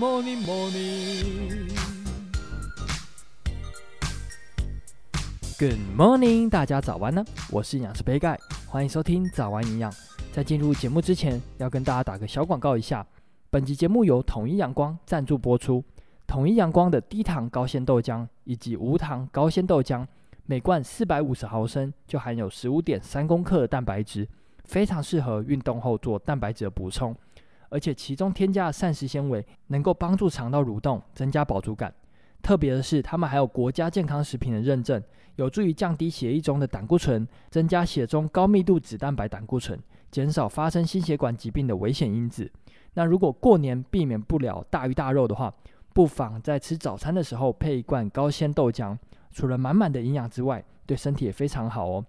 Morning, morning. Good morning，大家早安呢！我是營養師杯蓋，歡迎收聽早安營養。在進入節目之前，要跟大家打個小廣告一下。本集節目由統一陽光贊助播出。統一陽光的低糖高纖豆漿以及無糖高纖豆漿，每罐四百五十毫升就含有十五點三公克的蛋白質，非常適合運動後做蛋白質的補充。而且其中添加的膳食纖維能夠幫助腸道蠕動，增加飽足感。特別的是，它們還有國家健康食品的認證，有助於降低血液中的膽固醇，增加血中高密度脂蛋白膽固醇，減少發生心血管疾病的危險因子。那如果過年避免不了大魚大肉的話，不妨在吃早餐的時候配一罐高纖豆漿，除了滿滿的營養之外，對身體也非常好哦。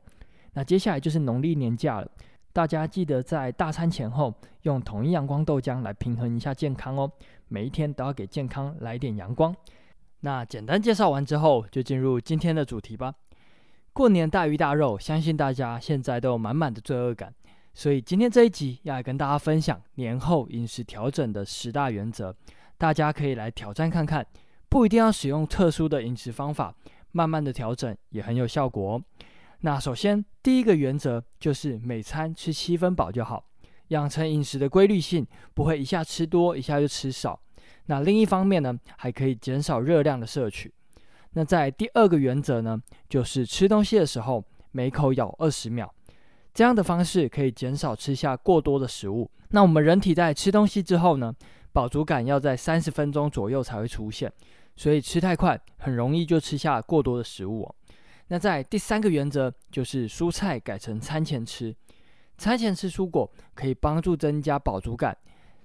那接下來就是農曆年假了。大家記得在大餐前後用統一陽光豆漿來平衡一下健康哦。每一天都要給健康來點陽光。那簡單介紹完之後，就進入今天的主題吧。過年大魚大肉，相信大家現在都有滿滿的罪惡感。所以今天這一集要來跟大家分享年後飲食調整的十大原則，大家可以來挑戰看看。不一定要使用特殊的飲食方法，慢慢的調整也很有效果哦。那首先第一個原則就是每餐吃七分飽就好，養成飲食的規律性，不會一下吃多，一下就吃少。那另一方面呢，還可以減少熱量的攝取。那在第二個原則呢，就是吃東西的時候每口咬二十秒，這樣的方式可以減少吃下過多的食物。那我們人體在吃東西之後呢，飽足感要在三十分鐘左右才會出現，所以吃太快很容易就吃下過多的食物哦。那在第三個原則就是蔬菜改成餐前吃，餐前吃蔬果可以幫助增加飽足感，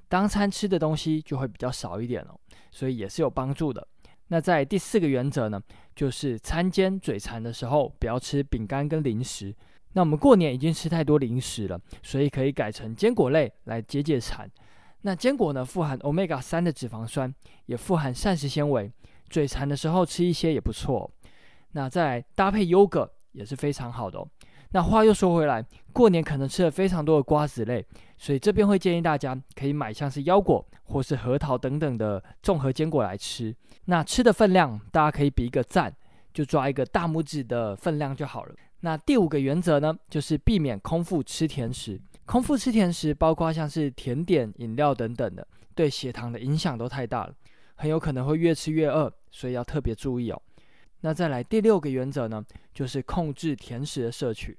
當餐吃的東西就會比較少一點了哦，所以也是有幫助的。那在第四個原則呢，就是餐間嘴饞的時候不要吃餅乾跟零食。那我們過年已經吃太多零食了，所以可以改成堅果類來解解饞。那堅果呢，富含 omega 三的脂肪酸，也富含膳食纖維，嘴饞的時候吃一些也不錯哦。那再搭配優格也是非常好的哦。那話又說回來，過年可能吃了非常多的瓜子類，所以這邊會建議大家可以買像是腰果或是核桃等等的綜合堅果來吃。那吃的分量，大家可以比一個讚，就抓一個大拇指的分量就好了。那第五個原則呢，就是避免空腹吃甜食。空腹吃甜食，包括像是甜點、飲料等等的，對血糖的影響都太大了，很有可能會越吃越餓，所以要特別注意哦。那再來第六個原則呢，就是控制甜食的攝取，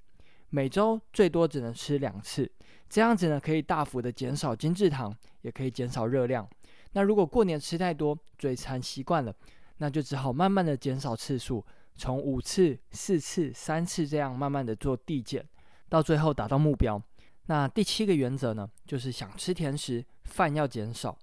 每周最多只能吃兩次，這樣子呢可以大幅的減少精制糖，也可以減少熱量。那如果過年吃太多，嘴饞習慣了，那就只好慢慢的減少次數，從五次、四次、三次這樣慢慢的做遞減，到最後達到目標。那第七個原則呢，就是想吃甜食，飯要減少。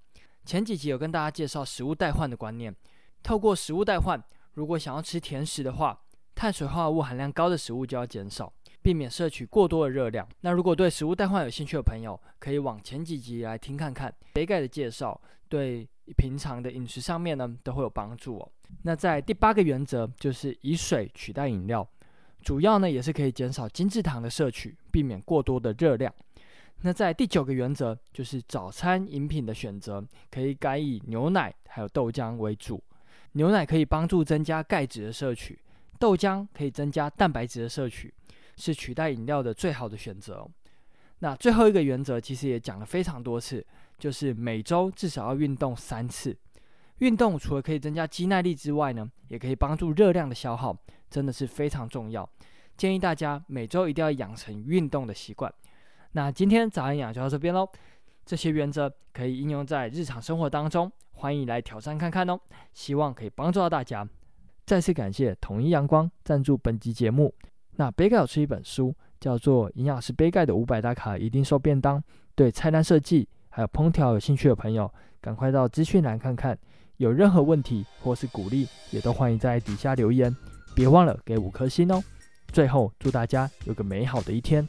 前幾集有跟大家介紹食物代換的觀念，透過食物代換。如果想要吃甜食的話，碳水化合物含量高的食物就要減少，避免攝取過多的熱量。那如果對食物代換有興趣的朋友，可以往前幾集來聽看看，杯蓋的介紹對平常的飲食上面呢都會有幫助哦。那在第八個原則就是以水取代飲料，主要呢也是可以減少精制糖的攝取，避免過多的熱量。那在第九個原則就是早餐飲品的選擇，可以改以牛奶還有豆漿為主。牛奶可以幫助增加鈣質的攝取，豆漿可以增加蛋白質的攝取，是取代飲料的最好的選擇哦。那最後一個原則其實也講了非常多次，就是每周至少要運動三次。運動除了可以增加肌耐力之外呢，也可以幫助熱量的消耗，真的是非常重要。建議大家每周一定要養成運動的習慣。那今天早安營養就到這邊嘍。這些原則可以應用在日常生活當中，歡迎來挑戰看看哦，希望可以幫助到大家。再次感謝統一陽光贊助本集節目。那杯蓋有出一本書，叫做《營養師杯蓋的五百大卡一定瘦便當》，對菜單設計還有烹調有興趣的朋友，趕快到資訊欄看看。有任何問題或是鼓勵，也都歡迎在底下留言。別忘了給五顆星哦。最後，祝大家有個美好的一天。